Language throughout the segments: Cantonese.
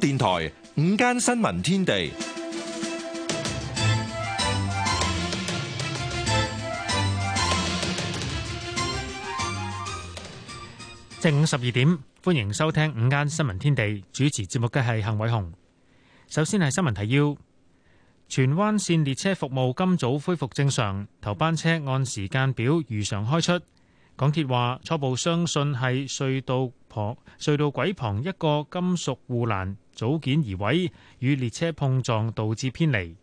電台午間新聞天地，正午十二點，歡迎收聽午間新聞天地。主持節目嘅係幸偉雄。首先係新聞提要：荃灣綫列車服務今早恢復正常，頭班車按時間表如常開出。港鐵話初步相信係隧道旁、隧道軌旁一個金屬護欄。組件移位與列車碰撞導致偏離。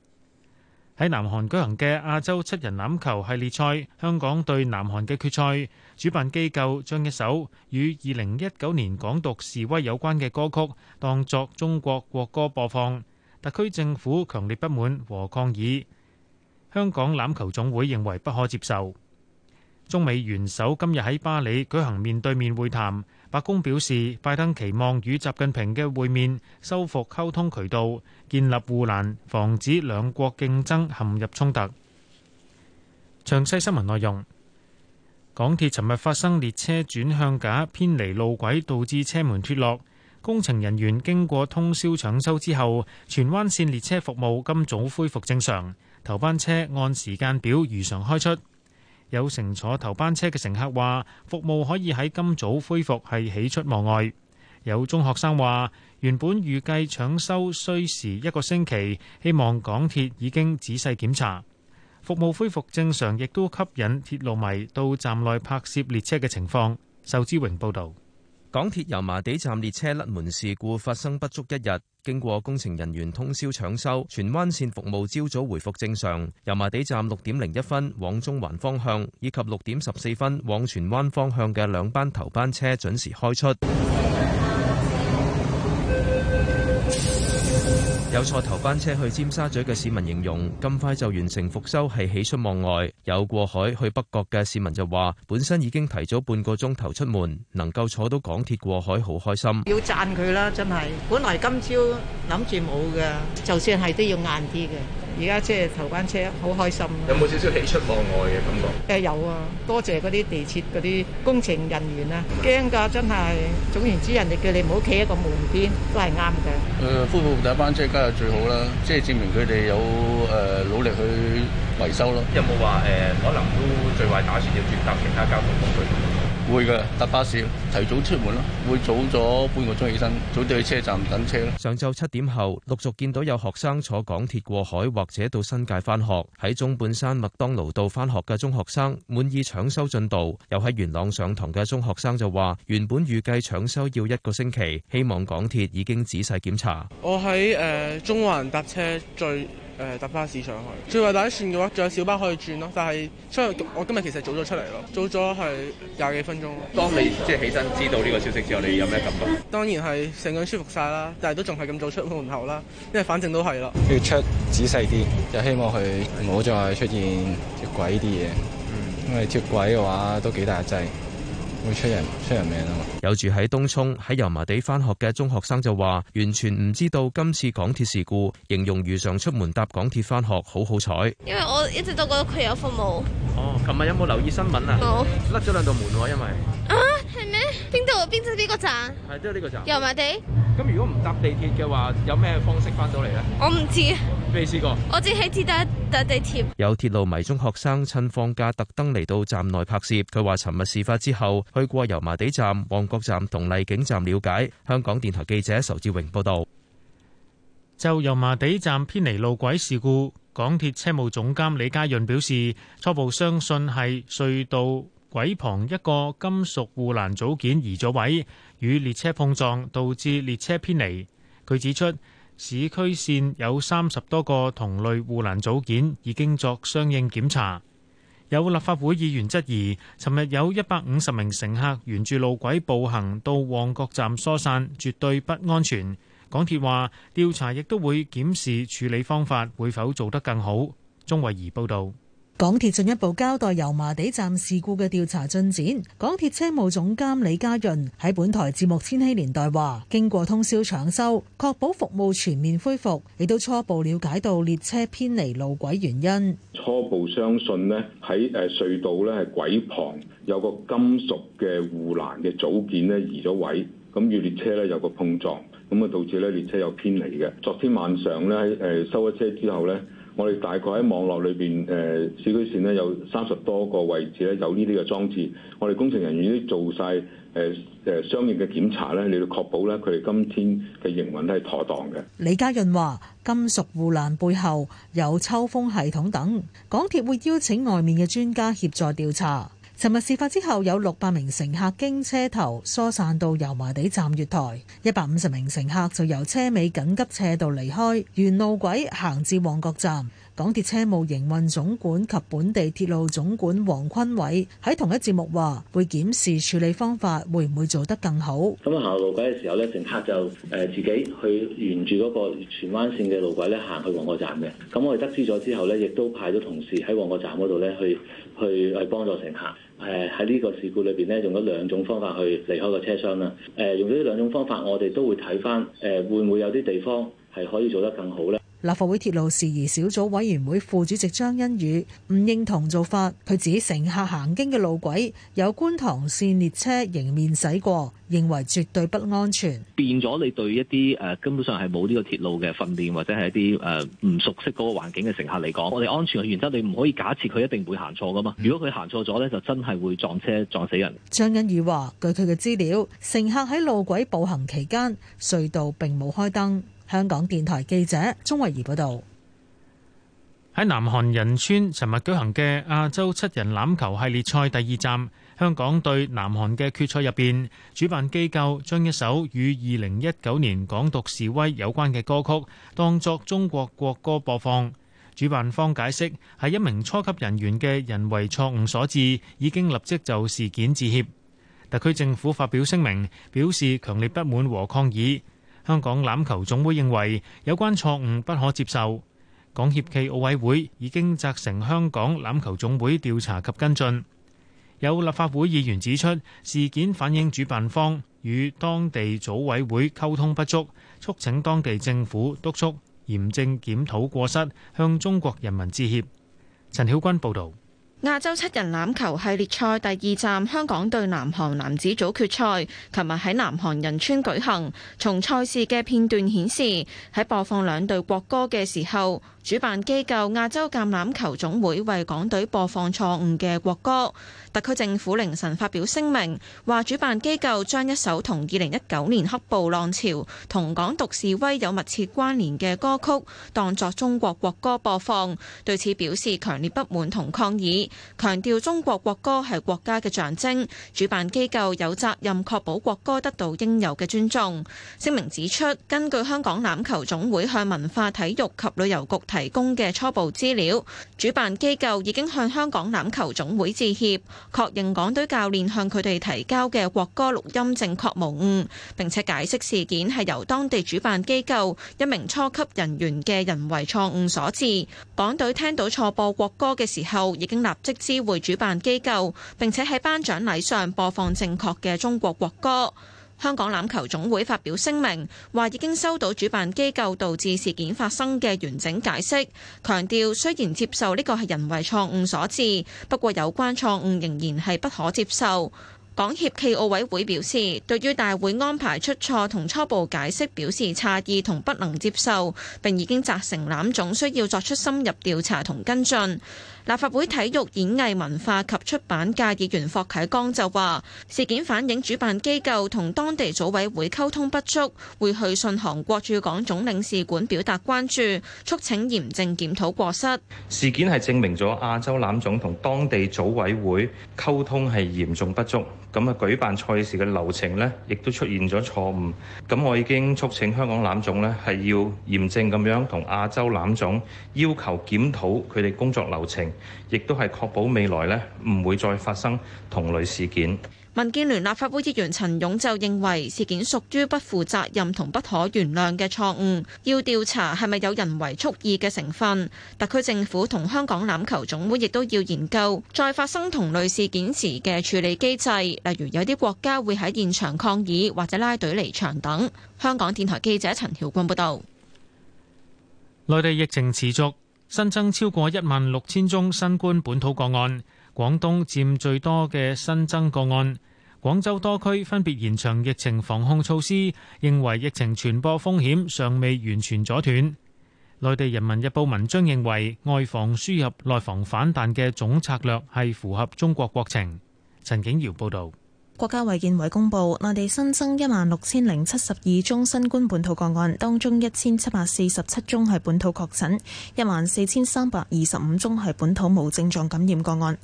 喺南韓舉行嘅亞洲七人欖球系列賽，香港對南韓嘅決賽，主辦機構將一首與二零一九年港獨示威有關嘅歌曲當作中國國歌播放，特區政府強烈不滿和抗議。香港欖球總會認為不可接受。中美元首今日喺巴黎舉行面對面會談。白宮表示，拜登期望與習近平嘅會面，修復溝通渠道，建立護欄，防止兩國競爭陷入衝突。詳細新聞內容：港鐵尋日發生列車轉向架偏離路軌，導致車門脫落。工程人員經過通宵搶修之後，荃灣綫列車服務今早恢復正常，頭班車按時間表如常開出。有乘坐頭班車嘅乘客話，服務可以喺今早恢復係喜出望外。有中學生話，原本預計搶修需時一個星期，希望港鐵已經仔細檢查，服務恢復正常，亦都吸引鐵路迷到站內拍攝列車嘅情況。仇志榮報道。港鐵油麻地站列車甩門事故發生不足一日，經過工程人員通宵搶修，荃灣綫服務朝早回復正常。油麻地站六點零一分往中環方向，以及六點十四分往荃灣方向嘅兩班頭班車準時開出。有坐頭班車去尖沙咀嘅市民形容，咁快就完成復修係喜出望外。有過海去北角嘅市民就話，本身已經提早半個鐘頭出門，能夠坐到港鐵過海好開心。要讚佢啦，真係。本來今朝諗住冇嘅，就算係都要硬啲嘅。而家即係頭班車，好開心。有冇少少喜出望外嘅感覺？誒、嗯、有啊，多謝嗰啲地鐵嗰啲工程人員啊。驚㗎，真係。總言之，人哋叫你唔好企喺個門邊，都係啱嘅。誒、呃，夫第一班車，梗係最好啦。即係證明佢哋有誒、呃、努力去維修咯。有冇話誒，可能都最壞打算要轉搭其他交通工具？會嘅，搭巴士，提早出門咯，會早咗半個鐘起身，早啲去車站等車咯。上晝七點後陸續見到有學生坐港鐵過海或者到新界返學。喺中半山麥當勞道返學嘅中學生滿意搶修進度，又喺元朗上堂嘅中學生就話原本預計搶修要一個星期，希望港鐵已經仔細檢查。我喺誒、呃、中環搭車最。誒搭巴士上去，最為打算嘅話，仲有小巴可以轉咯。但係出去，我今日其實早咗出嚟咯，早咗係廿幾分鐘咯。當你即係、就是、起身知道呢個消息之後，你有咩感覺？當然係成個人舒服晒啦，但係都仲係咁早出門口啦，因為反正都係咯。要出仔細啲，就希望佢唔好再出現脱軌啲嘢，嗯、因為脱軌嘅話都幾大劑。會出人會出人命啊嘛！有住喺東涌喺油麻地翻學嘅中學生就話，完全唔知道今次港鐵事故，形容如常出門搭港鐵翻學好好彩。因為我一直都覺得佢有服務。哦，琴日有冇留意新聞啊？冇甩咗兩道門，因為、啊係咩？邊度？邊度？係呢個站？係都係呢個站。油麻地。咁如果唔搭地鐵嘅話，有咩方式翻到嚟呢？我唔知未試過。我只係記得搭地鐵。地鐵有鐵路迷中學生趁放假特登嚟到站內拍攝。佢話，尋日事發之後，去過油麻地站、旺角站同荔景站了解。香港電台記者仇志榮報道。就油麻地站偏離路軌事故，港鐵車務總監李家潤表示，初步相信係隧道。軌旁一個金屬護欄組件移咗位，與列車碰撞，導致列車偏離。佢指出，市區線有三十多個同類護欄組件已經作相應檢查。有立法會議員質疑，尋日有一百五十名乘客沿住路軌步行到旺角站疏散，絕對不安全。港鐵話調查亦都會檢視處理方法會否做得更好。鐘慧儀報道。港鐵進一步交代油麻地站事故嘅調查進展。港鐵車務總監李家潤喺本台節目《千禧年代》話，經過通宵搶修，確保服務全面恢復，亦都初步了解到列車偏離路軌原因。初步相信咧喺誒隧道咧係軌旁有個金屬嘅護欄嘅組件咧移咗位，咁與列車咧有個碰撞，咁啊導致咧列車有偏離嘅。昨天晚上咧誒收咗車之後咧。我哋大概喺網絡裏邊誒市區線咧有三十多個位置咧有呢啲嘅裝置，我哋工程人員都做晒誒誒相應嘅檢查咧，嚟到確保咧佢哋今天嘅營運都係妥當嘅。李家潤話：金屬護欄背後有抽風系統等，港鐵會邀請外面嘅專家協助調查。尋日事發之後，有六百名乘客經車頭疏散到油麻地站月台，一百五十名乘客就由車尾緊急斜道離開，沿路軌行至旺角站。港鐵車務營運總管及本地鐵路總管黃坤偉喺同一節目話，會檢視處理方法會唔會做得更好。咁啊，行路軌嘅時候咧，乘客就誒自己去沿住嗰個荃灣線嘅路軌咧行去旺角站嘅。咁我哋得知咗之後咧，亦都派咗同事喺旺角站嗰度咧去去誒幫助乘客。誒喺呢個事故裏邊咧，用咗兩種方法去離開個車廂啦。誒、呃，用咗呢兩種方法，我哋都會睇翻，誒、呃，會唔會有啲地方係可以做得更好咧？立法會鐵路事宜小組委員會副主席張欣宇唔認同做法，佢指乘客行經嘅路軌有觀塘線列車迎面駛過，認為絕對不安全。變咗你對一啲誒、呃、根本上係冇呢個鐵路嘅訓練或者係一啲誒唔熟悉嗰個環境嘅乘客嚟講，我哋安全嘅原則，你唔可以假設佢一定會行錯㗎嘛。如果佢行錯咗咧，就真係會撞車撞死人。張欣宇話，據佢嘅資料，乘客喺路軌步行期間，隧道並冇開燈。香港電台記者鍾慧怡報道：喺南韓仁川尋日舉行嘅亞洲七人欖球系列賽第二站，香港對南韓嘅決賽入邊，主辦機構將一首與二零一九年港獨示威有關嘅歌曲當作中國國歌播放。主辦方解釋係一名初級人員嘅人為錯誤所致，已經立即就事件致歉。特區政府發表聲明，表示強烈不滿和抗議。香港欖球總會認為有關錯誤不可接受，港協暨奧委會已經責成香港欖球總會調查及跟進。有立法會議員指出事件反映主辦方與當地組委會溝通不足，促請當地政府督促嚴正檢討過失，向中國人民致歉。陳曉君報導。亞洲七人欖球系列賽第二站香港對南韓男子組決賽，琴日喺南韓仁川舉行。從賽事嘅片段顯示，喺播放兩隊國歌嘅時候，主辦機構亞洲橄欖球總會為港隊播放錯誤嘅國歌，特區政府凌晨發表聲明，話主辦機構將一首同二零一九年黑暴浪潮同港獨示威有密切關聯嘅歌曲當作中國國歌播放，對此表示強烈不滿同抗議，強調中國國歌係國家嘅象徵，主辦機構有責任確保國歌得到應有嘅尊重。聲明指出，根據香港欖球總會向文化體育及旅遊局提提供嘅初步資料，主辦機構已經向香港籃球總會致歉，確認港隊教練向佢哋提交嘅國歌錄音正確無誤，並且解釋事件係由當地主辦機構一名初級人員嘅人為錯誤所致。港隊聽到錯播國歌嘅時候，已經立即知會主辦機構，並且喺頒獎禮上播放正確嘅中國國歌。香港欖球總會發表聲明，話已經收到主辦機構導致事件發生嘅完整解釋，強調雖然接受呢個係人為錯誤所致，不過有關錯誤仍然係不可接受。港協暨奧委會表示，對於大會安排出錯同初步解釋表示詫異同不能接受，並已經責成欖總需要作出深入調查同跟進。立法會體育演藝文化及出版界議員霍啟剛就話：事件反映主辦機構同當地組委會溝通不足，會去信韓國駐港總領事館表達關注，促請嚴正檢討過失。事件係證明咗亞洲欖總同當地組委會溝通係嚴重不足，咁啊舉辦賽事嘅流程呢，亦都出現咗錯誤。咁我已經促請香港欖總呢係要嚴正咁樣同亞洲欖總要求檢討佢哋工作流程。亦都係確保未來咧唔會再發生同類事件。民建聯立法會議員陳勇就認為事件屬於不負責任同不可原諒嘅錯誤，要調查係咪有人為蓄意嘅成分。特區政府同香港欖球總會亦都要研究再發生同類事件時嘅處理機制，例如有啲國家會喺現場抗議或者拉隊離場等。香港電台記者陳曉君報導。內地疫情持續。新增超過一萬六千宗新冠本土個案，廣東佔最多嘅新增個案。廣州多區分別延長疫情防控措施，認為疫情傳播風險尚未完全阻斷。內地人民日報文章認為，外防輸入、內防反彈嘅總策略係符合中國國情。陳景堯報道。國家衛健委公布，內地新增一萬六千零七十二宗新冠本土個案，當中一千七百四十七宗係本土確診，一萬四千三百二十五宗係本土無症狀感染個案。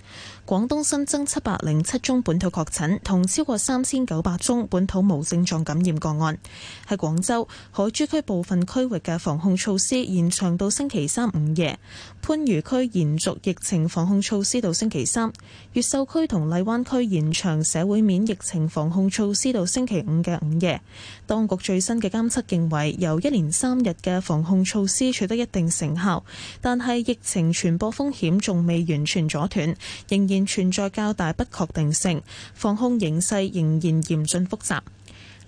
廣東新增七百零七宗本土確診，同超過三千九百宗本土無症狀感染個案。喺廣州、海珠區部分區域嘅防控措施延長到星期三午夜。番禺區延續疫情防控措施到星期三，越秀區同荔灣區延長社會面疫情防控措施到星期五嘅午夜。當局最新嘅監測認為，由一連三日嘅防控措施取得一定成效，但係疫情傳播風險仲未完全阻斷，仍然存在較大不確定性，防控形勢仍然嚴峻複雜。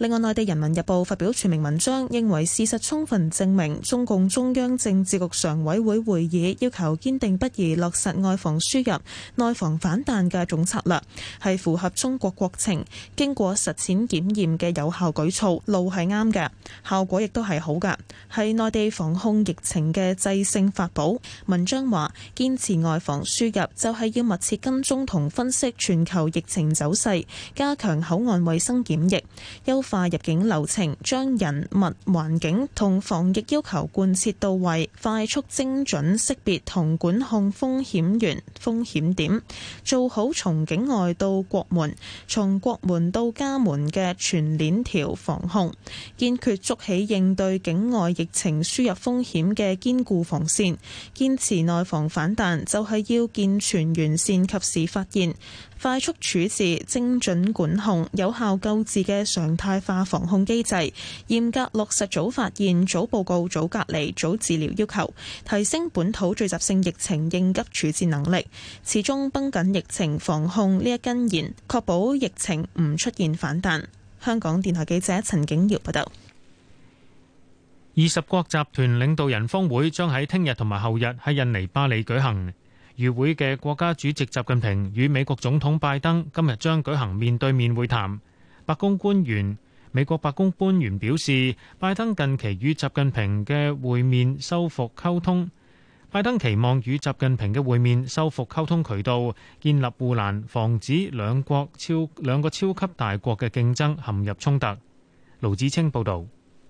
另外，內地《人民日報》發表署名文章，認為事實充分證明，中共中央政治局常委會會議要求堅定不移落實外防輸入、內防反彈嘅總策略，係符合中國國情、經過實踐檢驗嘅有效舉措，路係啱嘅，效果亦都係好嘅，係內地防控疫情嘅制勝法寶。文章話：堅持外防輸入就係要密切跟蹤同分析全球疫情走勢，加強口岸衛生檢疫，優化入境流程，將人、物、環境同防疫要求貫徹到位，快速精準識別同管控風險源、風險點，做好從境外到國門、從國門到家門嘅全鏈條防控，堅決築起應對境外疫情輸入風險嘅堅固防線，堅持內防反彈，就係、是、要健全完善及時發現、快速處置、精準管控、有效救治嘅常態化防控機制，嚴格落實早發現、早報告、早隔離、早治療要求，提升本土聚集性疫情應急處置能力，始終繃緊疫情防控呢一根弦，確保疫情唔出現反彈。香港電台記者陳景耀報道。二十國集團領導人峰會將喺聽日同埋後日喺印尼巴厘舉行，與會嘅國家主席習近平與美國總統拜登今日將舉行面對面會談，白宮官員美國白宮官員表示，拜登近期與習近平嘅會面修復溝通。拜登期望與習近平嘅會面修復溝通渠道，建立護欄，防止兩國超兩個超級大國嘅競爭陷入衝突。盧子清報導。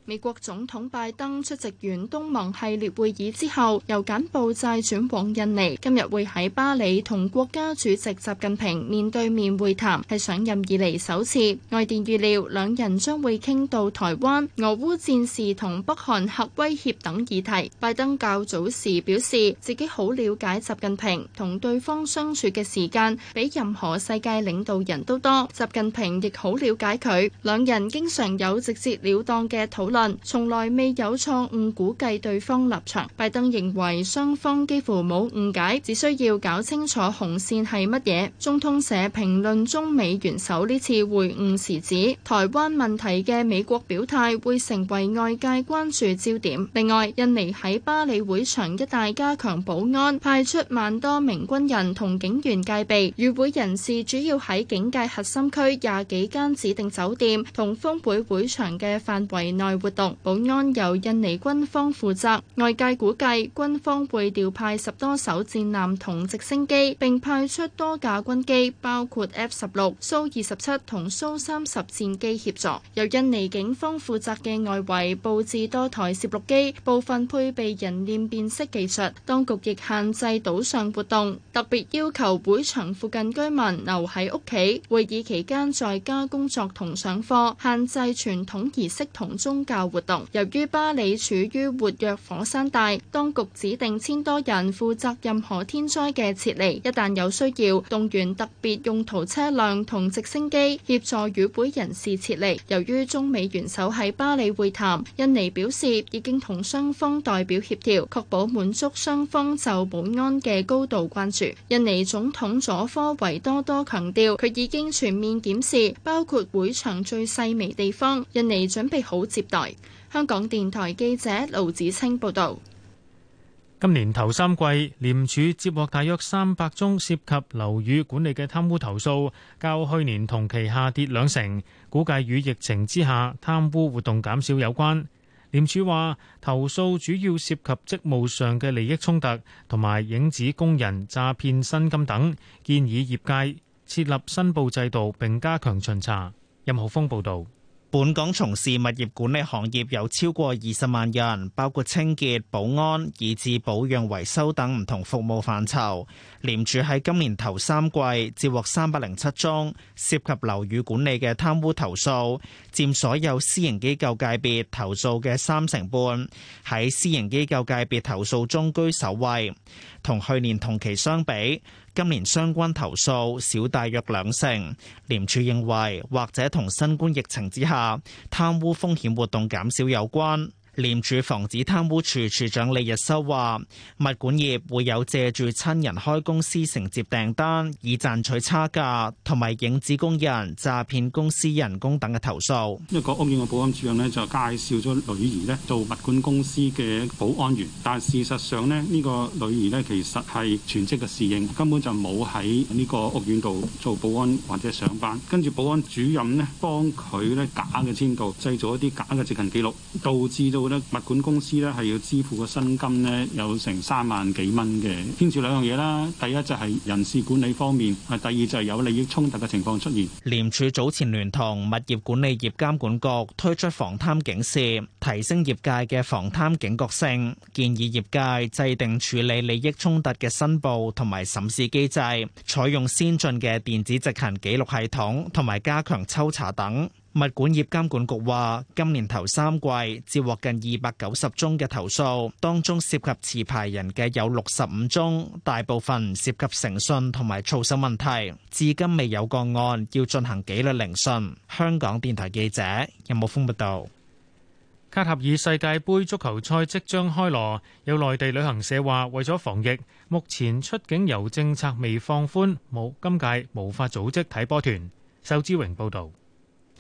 美國總統拜登出席完東盟系列會議之後，由柬埔寨轉往印尼，今日會喺巴里同國家主席習近平面對面會談，係上任以嚟首次。外電預料兩人將會傾到台灣、俄烏戰事同北韓核威脅等議題。拜登較早時表示自己好了解習近平，同對方相處嘅時間比任何世界領導人都多。習近平亦好了解佢，兩人經常有直接了當嘅討論從來未有錯誤估計對方立場。拜登認為雙方幾乎冇誤解，只需要搞清楚紅線係乜嘢。中通社評論中美元首呢次會晤時指，台灣問題嘅美國表態會成為外界關注焦點。另外，印尼喺巴里會場一帶加強保安，派出萬多名軍人同警員戒備。與會人士主要喺警戒核心區廿幾間指定酒店同峰會會場嘅範圍內。活動保安由印尼軍方負責，外界估計軍方會調派十多艘戰艦同直升機，並派出多架軍機，包括 F 十六、蘇二十七同蘇三十戰機協助。由印尼警方負責嘅外圍佈置多台攝錄機，部分配備人臉辨識技術。當局亦限制島上活動，特別要求會場附近居民留喺屋企，會議期間在家工作同上課，限制傳統儀式同宗教活動，由於巴里處於活躍火山帶，當局指定千多人負責任何天災嘅撤離。一旦有需要，動員特別用途車輛同直升機協助與會人士撤離。由於中美元首喺巴里會談，印尼表示已經同雙方代表協調，確保滿足雙方就保安嘅高度關注。印尼總統佐科維多多強調，佢已經全面檢視包括會場最細微地方，印尼準備好接待。香港電台記者盧子清報道：今年頭三季，廉署接獲大約三百宗涉及樓宇管理嘅貪污投訴，較去年同期下跌兩成，估計與疫情之下貪污活動減少有關。廉署話，投訴主要涉及職務上嘅利益衝突，同埋影子工人詐騙薪金等，建議業界設立申報制度並加強巡查。任浩峰報道。本港從事物業管理行業有超過二十萬人，包括清潔、保安、以至保養、維修等唔同服務範疇。廉署喺今年頭三季接獲三百零七宗涉及樓宇管理嘅貪污投訴，佔所有私營機構界別投訴嘅三成半，喺私營機構界別投訴中居首位。同去年同期相比，今年相關投訴少大約兩成，廉署認為或者同新冠疫情之下貪污風險活動減少有關。廉署防止貪污處處長李日修話：物管業會有借住親人開公司承接訂單，以賺取差價，同埋影子工人詐騙公司人工等嘅投訴。一個屋苑嘅保安主任呢，就介紹咗女兒呢做物管公司嘅保安員，但事實上呢，呢個女兒呢，其實係全職嘅侍應，根本就冇喺呢個屋苑度做保安或者上班。跟住保安主任呢，幫佢呢假嘅簽到，製造一啲假嘅值勤記錄，導致到。我覺得物管公司咧，係要支付個薪金呢，有成三萬幾蚊嘅，牽涉兩樣嘢啦。第一就係人事管理方面，第二就係有利益衝突嘅情況出現。廉署早前聯同物業管理業監管局推出防貪警示，提升業界嘅防貪警覺性，建議業界制定處理利益衝突嘅申報同埋審視機制，採用先進嘅電子直行記錄系統，同埋加強抽查等。物管業監管局話，今年頭三季接獲近二百九十宗嘅投訴，當中涉及持牌人嘅有六十五宗，大部分涉及誠信同埋操守問題。至今未有個案要進行紀律聆訊。香港電台記者任木峰報道。有有卡塔爾世界杯足球賽即將開鑼，有內地旅行社話，為咗防疫，目前出境遊政策未放寬，冇今屆無法組織睇波團。周志榮報道。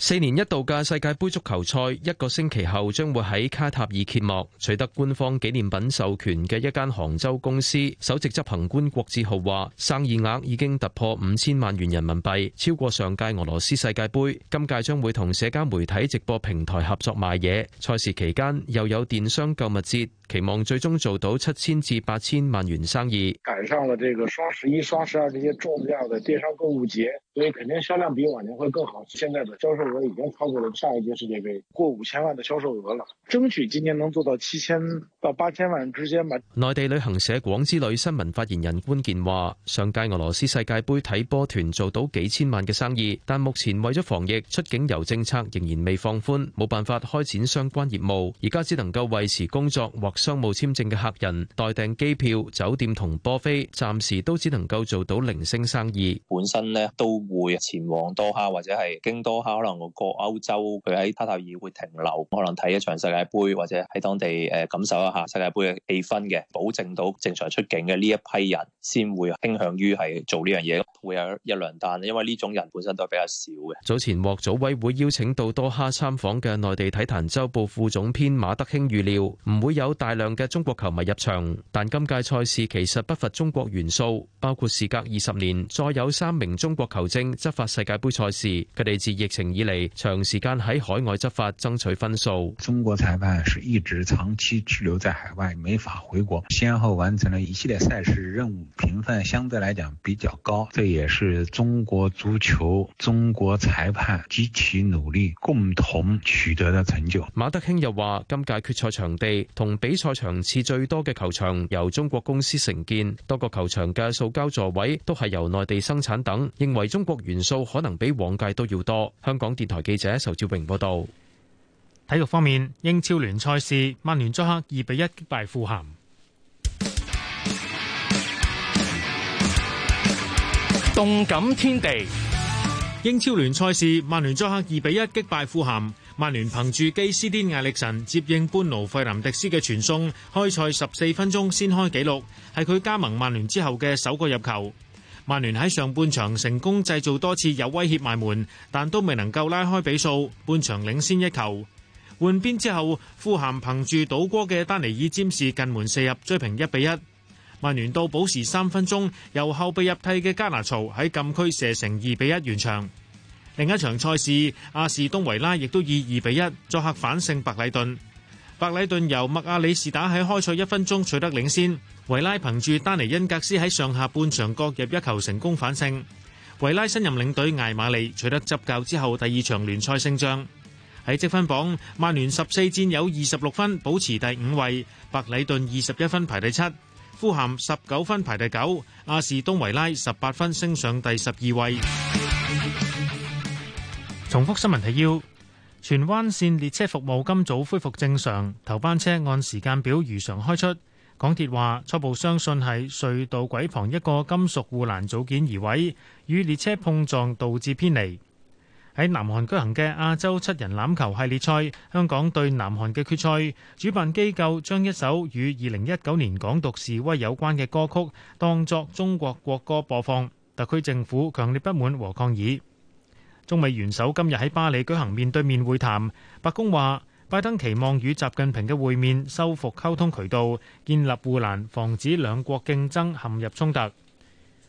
四年一度嘅世界杯足球賽，一個星期後將會喺卡塔爾揭幕。取得官方紀念品授權嘅一間杭州公司首席執行官郭志浩話，生意額已經突破五千萬元人民幣，超過上屆俄羅斯世界杯。今屆將會同社交媒體直播平台合作賣嘢，賽事期間又有電商購物節。期望最終做到七千至八千萬元生意。趕上了這個雙十一、雙十二這些重要的電商購物節，所以肯定銷量比往年會更好。現在的銷售額已經超過了上一屆世界杯過五千萬的銷售額了，爭取今年能做到七千到八千萬之間。內地旅行社廣之旅新聞發言人官健話：上屆俄羅斯世界杯睇波團做到幾千萬嘅生意，但目前為咗防疫，出境遊政策仍然未放寬，冇辦法開展相關業務。而家只能夠維持工作或，商務簽證嘅客人，代訂機票、酒店同波飛，暫時都只能夠做到零星生意。本身呢都會前往多哈或者係經多哈，可能過歐洲，佢喺塔塔爾會停留，可能睇一場世界杯或者喺當地誒、呃、感受一下世界杯嘅氣氛嘅，保證到正常出境嘅呢一批人，先會傾向於係做呢樣嘢，會有一兩單。因為呢種人本身都係比較少嘅。早前獲組委會邀請到多哈參訪嘅內地體壇周報副總編馬德興預料，唔會有。大量嘅中國球迷入場，但今屆賽事其實不乏中國元素，包括時隔二十年再有三名中國球證執法世界杯賽事。佢哋自疫情以嚟長時間喺海外執法，爭取分數。中國裁判是一直長期滯留在海外，沒法回國，先後完成了一系列賽事任務，評分相對來講比較高。這也是中國足球、中國裁判極其努力共同取得的成就。馬德興又話：今屆決賽場地同比。比賽場次最多嘅球場由中國公司承建，多個球場嘅塑膠座位都係由內地生產等，認為中國元素可能比往屆都要多。香港電台記者仇志榮報道。體育方面，英超聯賽事曼聯作客二比一擊敗富咸。動感天地，英超聯賽事曼聯作客二比一擊敗富咸。曼聯憑住基斯丁艾力神接應般奴費林迪斯嘅傳送，開賽十四分鐘先開紀錄，係佢加盟曼聯之後嘅首個入球。曼聯喺上半場成功製造多次有威脅埋門，但都未能夠拉開比數，半場領先一球。換邊之後，富咸憑住倒戈嘅丹尼爾詹士近門射入追平一比一。曼聯到補時三分鐘，由後備入替嘅加拿曹喺禁區射成二比一完場。另一場賽事，阿士東維拉亦都以二比一作客反勝白禮頓。白禮頓由麥亞里士打喺開賽一分鐘取得領先，維拉憑住丹尼恩格斯喺上下半場各入一球成功反勝。維拉新任領隊艾馬利取得執教之後第二場聯賽勝仗。喺積分榜，曼聯十四戰有二十六分，保持第五位；白禮頓二十一分排第七，富咸十九分排第九，阿士東維拉十八分升上第十二位。重複新聞提要：荃灣線列車服務今早恢復正常，頭班車按時間表如常開出。港鐵話初步相信係隧道軌旁一個金屬護欄組件移位，與列車碰撞導致偏離。喺南韓舉行嘅亞洲七人欖球系列賽，香港對南韓嘅決賽，主辦機構將一首與二零一九年港獨示威有關嘅歌曲當作中國國歌播放，特區政府強烈不滿和抗議。中美元首今日喺巴黎舉行面對面會談，白宮話拜登期望與習近平嘅會面修復溝通渠道，建立護欄防止兩國競爭陷入衝突。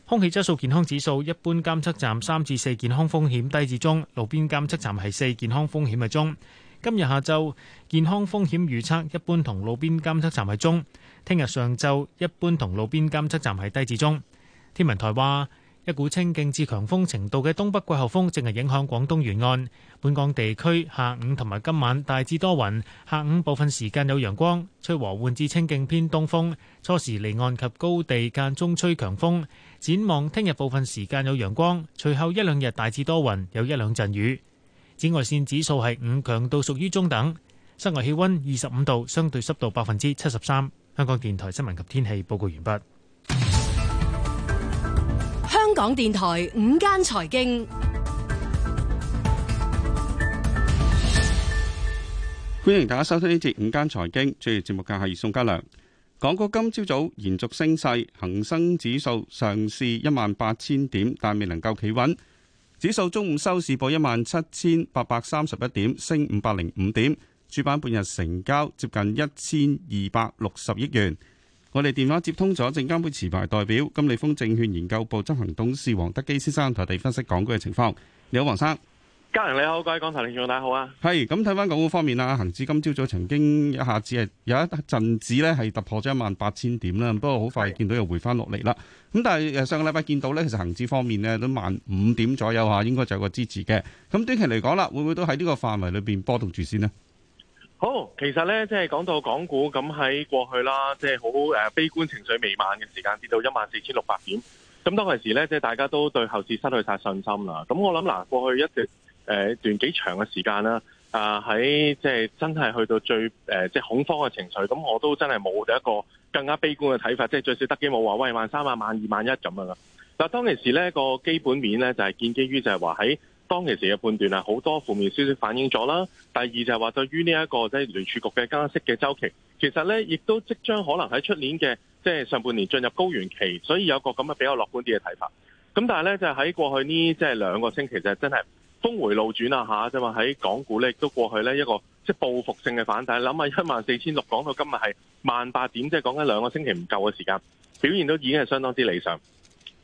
空氣質素健康指數一般監測站三至四，健康風險低至中，路邊監測站係四，健康風險係中。今日下晝健康風險預測一般同路邊監測站係中，聽日上晝一般同路邊監測站係低至中。天文台話。一股清勁至強風程度嘅東北季候風正係影響廣東沿岸，本港地區下午同埋今晚大致多雲，下午部分時間有陽光，吹和緩至清勁偏東風，初時離岸及高地間中吹強風。展望聽日部分時間有陽光，隨後一兩日大致多雲，有一兩陣雨。紫外線指數係五，強度屬於中等。室外氣温二十五度，相對濕度百分之七十三。香港電台新聞及天氣報告完畢。香港電台五間財經，歡迎大家收聽呢節五間財經主持節目嘅係宋嘉良。港股今朝早延續升勢，恒生指數上試一萬八千點，但未能夠企穩。指數中午收市報一萬七千八百三十一點，升五百零五點。主板半日成交接近一千二百六十億元。我哋電話接通咗證監會持牌代表金利豐證券研究部執行董事黃德基先生，同我哋分析港股嘅情況。你好，黃生，嘉玲你好，各位港台聽眾大家好啊。係，咁睇翻港股方面啦，恒指今朝早曾經一下子係有一陣子咧係突破咗一萬八千點啦，不過好快見到又回翻落嚟啦。咁但係上個禮拜見到咧，其實恒指方面咧都萬五點左右吓，應該就有個支持嘅。咁短期嚟講啦，會唔會都喺呢個範圍裏邊波動住先呢？好，其實咧，即係講到港股咁喺、嗯、過去啦，即係好誒悲觀情緒彌漫嘅時間跌到一萬四千六百點，咁、嗯、當其時咧，即係大家都對後市失去晒信心、嗯、啦。咁我諗嗱，過去一段誒、呃、段幾長嘅時間啦，啊、呃、喺即係真係去到最誒、呃、即係恐慌嘅情緒，咁、嗯、我都真係冇一個更加悲觀嘅睇法，即係最少得機冇話喂萬三啊萬二萬一咁樣啦。嗱、嗯，當其時咧個基本面咧就係、是、建基於就係話喺。當其時嘅判斷係好多負面消息反映咗啦。第二就係話對於呢、這、一個即係、就是、聯儲局嘅加息嘅週期，其實咧亦都即將可能喺出年嘅即係上半年進入高原期，所以有個咁嘅比較樂觀啲嘅睇法。咁但係咧就喺、是、過去呢即係兩個星期就真係峰迴路轉啊嚇啫嘛。喺港股咧亦都過去咧一個即係、就是、報復性嘅反彈，諗下一萬四千六，講到今日係萬八點，即係講緊兩個星期唔夠嘅時間，表現都已經係相當之理想。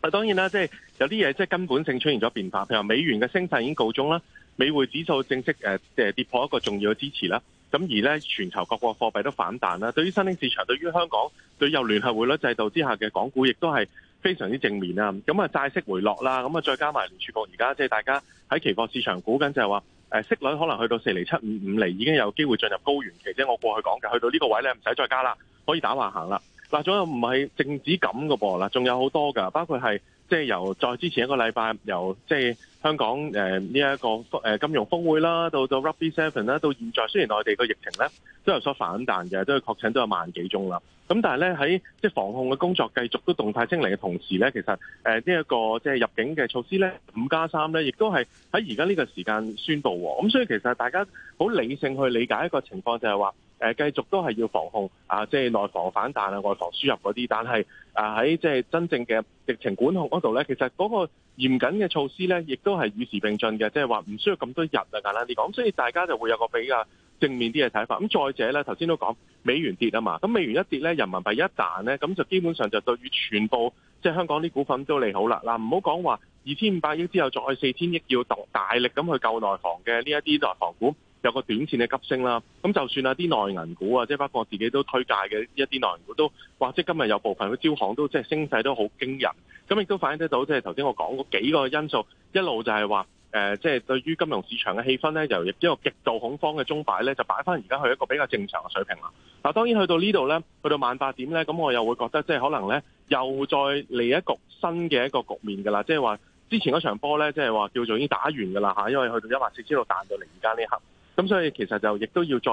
嗱，當然啦，即、就、係、是、有啲嘢即係根本性出現咗變化，譬如話美元嘅升勢已經告終啦，美匯指數正式誒誒、呃就是、跌破一個重要嘅支持啦。咁而咧，全球各國貨幣都反彈啦。對於新興市場，對於香港，對於聯繫匯率制度之下嘅港股，亦都係非常之正面啊。咁、嗯、啊、嗯，債息回落啦，咁、嗯、啊，再加埋聯儲局而家即係大家喺期貨市場估緊就係話，誒、呃、息率可能去到四厘七五、五厘已經有機會進入高原期，即、就、係、是、我過去講嘅，去到呢個位咧唔使再加啦，可以打橫行啦。嗱，仲有唔係淨止咁噶噃，嗱，仲有好多噶，包括係即係由再之前一個禮拜，由即係香港誒呢一個誒金融峰會啦，到到 Rugby Seven 啦，到現在，雖然內地個疫情咧都有所反彈嘅，都係確診都有萬幾宗啦。咁但係咧喺即係防控嘅工作繼續都動態清零嘅同時咧，其實誒呢一個即係入境嘅措施咧五加三咧，亦都係喺而家呢個時間宣佈喎。咁所以其實大家好理性去理解一個情況就，就係話。誒繼續都係要防控啊，即、就、係、是、內防反彈啊，外防輸入嗰啲。但係啊，喺即係真正嘅疫情管控嗰度呢，其實嗰個嚴謹嘅措施呢，亦都係與時並進嘅，即係話唔需要咁多日啊，簡單啲講。所以大家就會有個比較正面啲嘅睇法。咁再者呢，頭先都講美元跌啊嘛，咁美元一跌呢，人民幣一彈呢，咁就基本上就對於全部即係、就是、香港啲股份都利好啦。嗱、啊，唔好講話二千五百億之後再四千億要大力咁去救內房嘅呢一啲內房股。有個短線嘅急升啦，咁就算啊，啲內銀股啊，即係包括我自己都推介嘅一啲內銀股都，或者今日有部分嘅招行都即係升勢都好驚人，咁亦都反映得到，即係頭先我講嗰幾個因素一路就係話誒，即、呃、係、就是、對於金融市場嘅氣氛咧，由一個極度恐慌嘅鐘擺咧，就擺返而家去一個比較正常嘅水平啦。嗱，當然去到呢度咧，去到萬八點咧，咁我又會覺得即係、就是、可能咧，又再嚟一局新嘅一個局面噶啦，即係話之前嗰場波咧，即係話叫做已經打完噶啦嚇，因為去到一萬四之後彈到嚟而家呢刻。咁所以其實就亦都要再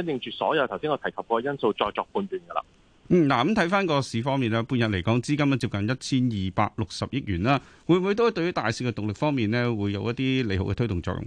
因應住所有頭先我提及個因素，再作判斷噶啦。嗯，嗱咁睇翻個市方面咧，半日嚟講，資金啊接近一千二百六十億元啦，會唔會都對於大市嘅動力方面咧，會有一啲利好嘅推動作用？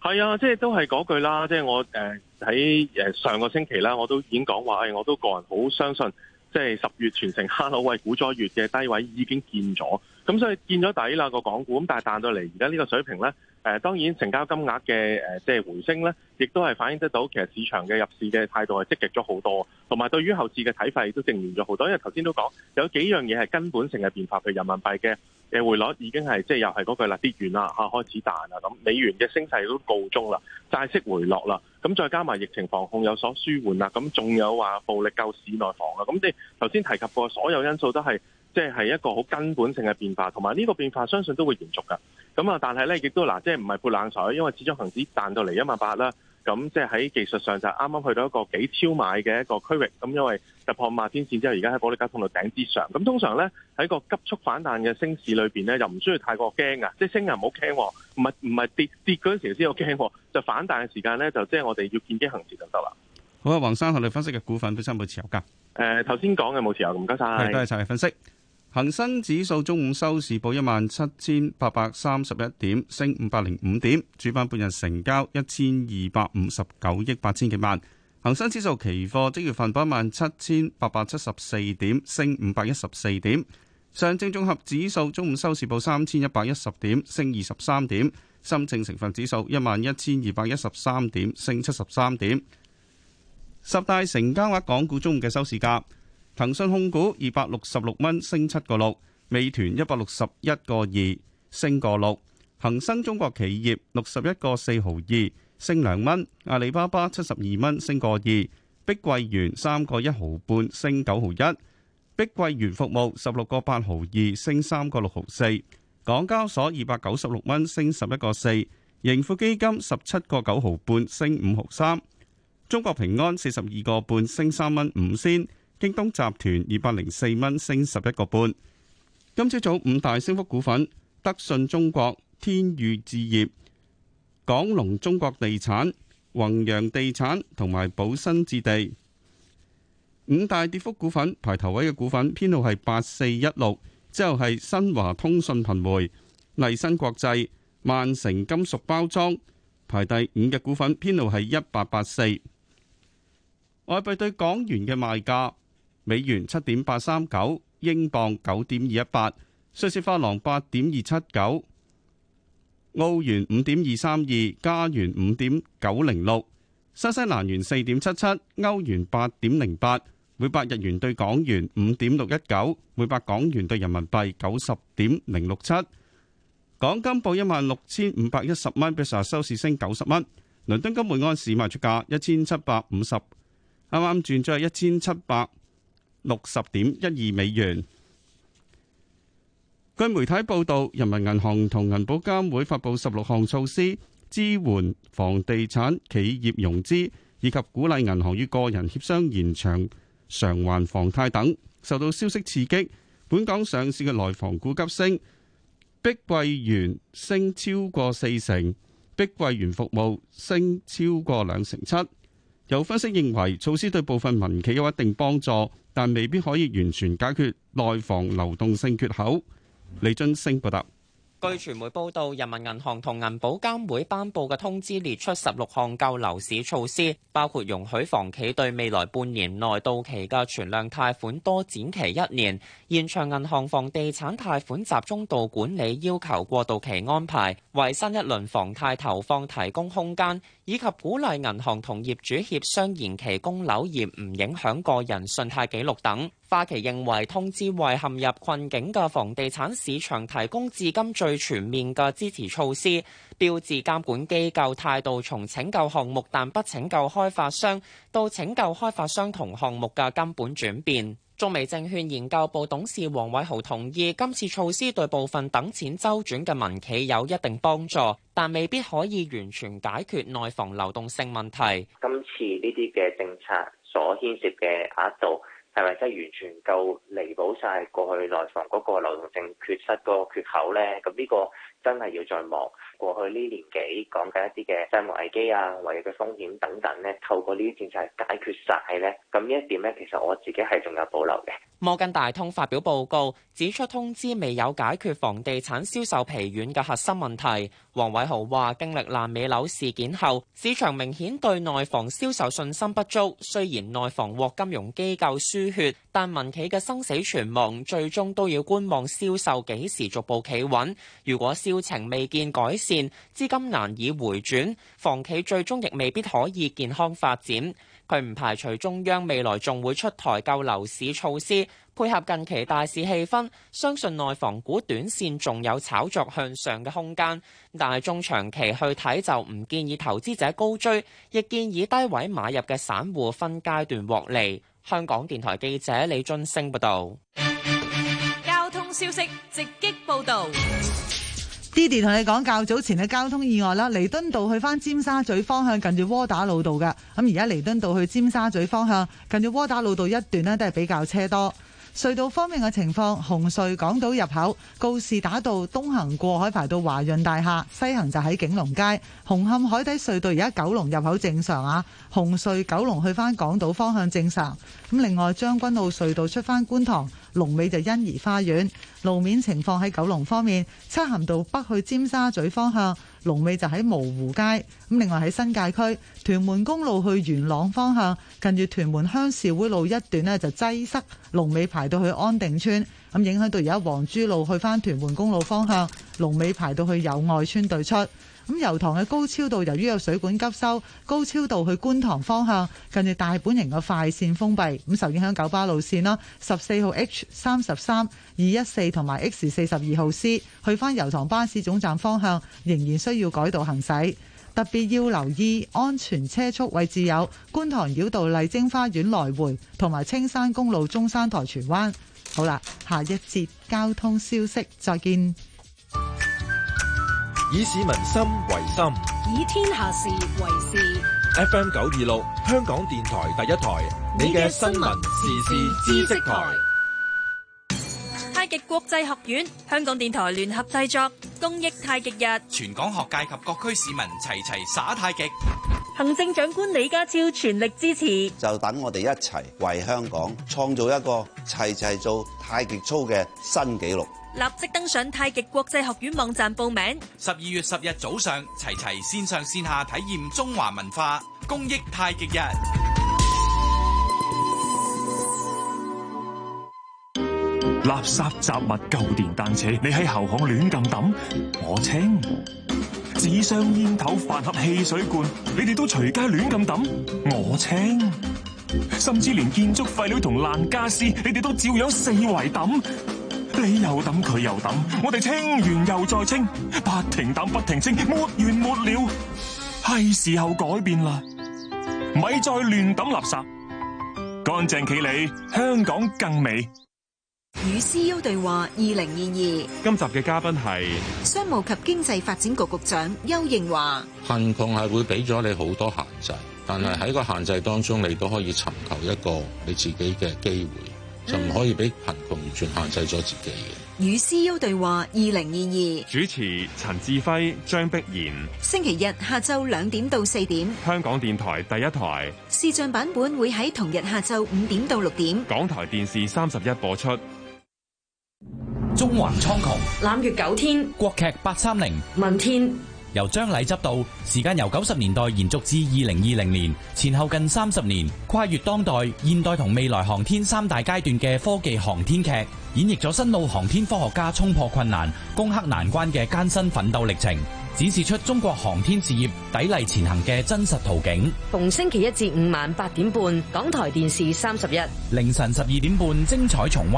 係啊，即係都係嗰句啦，即係我誒喺誒上個星期啦，我都已經講話，誒我都個人好相信，即係十月全城哈佬喂、股災月嘅低位已經見咗，咁所以見咗底啦個港股，咁但係彈到嚟而家呢個水平咧。誒當然成交金額嘅誒即係回升咧，亦都係反映得到其實市場嘅入市嘅態度係積極咗好多，同埋對於後市嘅睇法都正面咗好多。因為頭先都講有幾樣嘢係根本性嘅變化，譬如人民幣嘅誒匯率已經係即係又係嗰句啦，跌完啦嚇開始彈啦咁，美元嘅升勢都告終啦，債息回落啦，咁再加埋疫情防控有所舒緩啦，咁仲有話暴力救市內房啦，咁即係頭先提及過所有因素都係。即係一個好根本性嘅變化，同埋呢個變化相信都會延續㗎。咁啊，但係咧亦都嗱，即係唔係潑冷水，因為始終恒指彈到嚟一萬八啦。咁即係喺技術上就啱啱去到一個幾超買嘅一個區域。咁因為突破五十天線之後，而家喺保歷加通道頂之上。咁、啊、通常咧喺個急速反彈嘅升市裏邊咧，就唔需要太過驚㗎。即係升又唔好驚，唔係唔係跌跌嗰陣時先好驚。就反彈嘅時間咧，就即係我哋要見機行事就得啦。好啊，黃生同你分析嘅股份三冇持有㗎。誒、呃，頭先講嘅冇持有，唔該晒。係，多謝曬你分析。恒生指數中午收市報一萬七千八百三十一點，升五百零五點。主板半日成交一千二百五十九億八千幾萬。恒生指數期貨即月份報一萬七千八百七十四點，升五百一十四點。上證綜合指數中午收市報三千一百一十點，升二十三點。深證成分指數一萬一千二百一十三點，升七十三點。十大成交額港股中午嘅收市價。騰訊控股二百六十六蚊升七個六，美團一百六十一個二升個六，恒生中國企業六十一個四毫二升兩蚊，阿里巴巴七十二蚊升個二，碧桂園三個一毫半升九毫一，碧桂園服務十六個八毫二升三個六毫四，港交所二百九十六蚊升十一個四，盈富基金十七個九毫半升五毫三，中國平安四十二個半升三蚊五仙。京東集團二百零四蚊升十一個半。今朝早，早五大升幅股份：德信中國、天譽置業、港龍中國地產、宏洋地產同埋寶新置地。五大跌幅股份排頭位嘅股份編號係八四一六，之後係新華通訊頻會、麗新國際、萬城金屬包裝。排第五嘅股份編號係一八八四。外幣對港元嘅賣價。美元七點八三九，英鎊九點二一八，瑞士法郎八點二七九，澳元五點二三二，加元五點九零六，新西蘭元四點七七，歐元八點零八，每百日元對港元五點六一九，每百港元對人民幣九十點零六七。港金報一萬六千五百一十蚊，比上日收市升九十蚊。倫敦金每盎司賣出價一千七百五十，啱啱轉咗一千七百。六十點一二美元。據媒體報道，人民銀行同銀保監會發布十六項措施，支援房地產企業融資，以及鼓勵銀行與個人協商延長償還房貸等。受到消息刺激，本港上市嘅內房股急升，碧桂園升超過四成，碧桂園服務升超過兩成七。有分析認為，措施對部分民企有一定幫助，但未必可以完全解決內房流動性缺口。李津升報道，據傳媒報道，人民銀行同銀保監會頒布嘅通知列出十六項救樓市措施，包括容許房企對未來半年內到期嘅存量貸款多展期一年，延長銀行房地產貸款集中度管理要求過渡期安排，為新一輪房貸投放提供空間。以及鼓勵銀行同業主協商延期供樓而唔影響個人信貸紀錄等。花旗認為，通知為陷入困境嘅房地產市場提供至今最全面嘅支持措施，標誌監管機構態度從拯救項目但不拯救開發商，到拯救開發商同項目嘅根本轉變。中美證券研究部董事王偉豪同意，今次措施對部分等錢周轉嘅民企有一定幫助，但未必可以完全解決內房流動性問題。今次呢啲嘅政策所牽涉嘅額度係咪真係完全夠彌補晒過去內房嗰個流動性缺失個缺口咧？咁呢個真係要再望過去呢年幾講緊一啲嘅債務危機啊，或者嘅風險等等咧，透過呢啲政策解決晒咧。咁呢一點咧，其實我自己係仲有保留嘅。摩根大通發表報告指出，通知未有解決房地產銷售疲軟嘅核心問題。黃偉豪話，經歷爛尾樓事件後，市場明顯對內房銷售信心不足。雖然內房獲金融機構輸血，但民企嘅生死存亡，最終都要觀望銷售幾時逐步企穩。如果銷疫情未見改善，資金難以迴轉，房企最終亦未必可以健康發展。佢唔排除中央未來仲會出台救樓市措施，配合近期大市氣氛，相信內房股短線仲有炒作向上嘅空間。但係，中長期去睇就唔建議投資者高追，亦建議低位買入嘅散戶分階段獲利。香港電台記者李津升報道。交通消息直擊報道。Didi 同你講，較早前嘅交通意外啦，彌敦道去返尖沙咀方向近住窩打老道㗎，咁而家彌敦道去尖沙咀方向近住窩打老道一段呢，都係比較車多。隧道方面嘅情況，紅隧港島入口告士打道東行過海排到華潤大廈，西行就喺景隆街。紅磡海底隧道而家九龍入口正常啊，紅隧九龍去翻港島方向正常。咁另外將軍澳隧道出翻觀塘龍尾就欣怡花園。路面情況喺九龍方面，漆咸道北去尖沙咀方向。龍尾就喺蕪湖街，咁另外喺新界區屯門公路去元朗方向，近住屯門鄉事會路一段呢，就擠塞，龍尾排到去安定村，咁影響到而家黃珠路去返屯門公路方向，龍尾排到去友愛村對出。咁油塘嘅高超道由於有水管急修，高超道去觀塘方向近住大本營嘅快綫封閉，咁受影響九巴路綫啦，十四號 H 三十三二一四同埋 X 四十二號 C 去返油塘巴士總站方向仍然需要改道行駛，特別要留意安全車速位置有觀塘繞道麗晶花園來回同埋青山公路中山台荃灣。好啦，下一節交通消息，再見。以市民心為心，以天下事為事。FM 九二六，香港電臺第一台，你嘅新聞、時事、知識台。太極國際學院，香港電台聯合製作，公益太極日，全港學界及各區市民齊齊耍太極。行政長官李家超全力支持，就等我哋一齊為香港創造一個齊齊做太極操嘅新紀錄。立即登上太極國際學院網站報名。十二月十日早上，齊齊線上線下體驗中華文化公益太極日。 垃圾雜物、舊電單車，你喺後巷亂咁抌，我清；紙箱、煙頭、飯盒、汽水罐，你哋都隨街亂咁抌，我清；甚至連建築廢料同爛家私，你哋都照樣四圍抌。你又抌佢又抌，我哋清完又再清，不停抌不停清，沒完沒了，係時候改變啦，咪再亂抌垃圾，乾淨企理，香港更美。與 C U 對話二零二二，今集嘅嘉賓係商務及經濟發展局局長邱應華。貧窮係會俾咗你好多限制，但係喺個限制當中，你都可以尋求一個你自己嘅機會。就唔可以俾貧窮完全限制咗自己嘅。與 CEO 對話二零二二，主持陳志輝、張碧然，星期日下晝兩點到四點，香港電台第一台。視像版本會喺同日下晝五點到六點，港台電視三十一播出。中環蒼穹，攬月九天，國劇八三零問天。由張禮執導，時間由九十年代延續至二零二零年前後近三十年，跨越當代、現代同未來航天三大階段嘅科技航天劇，演繹咗新老航天科學家沖破困難、攻克難關嘅艱辛奮鬥歷程，展示出中國航天事業砥礪前行嘅真實圖景。逢星期一至五晚八點半，港台電視三十一，凌晨十二點半，精彩重溫。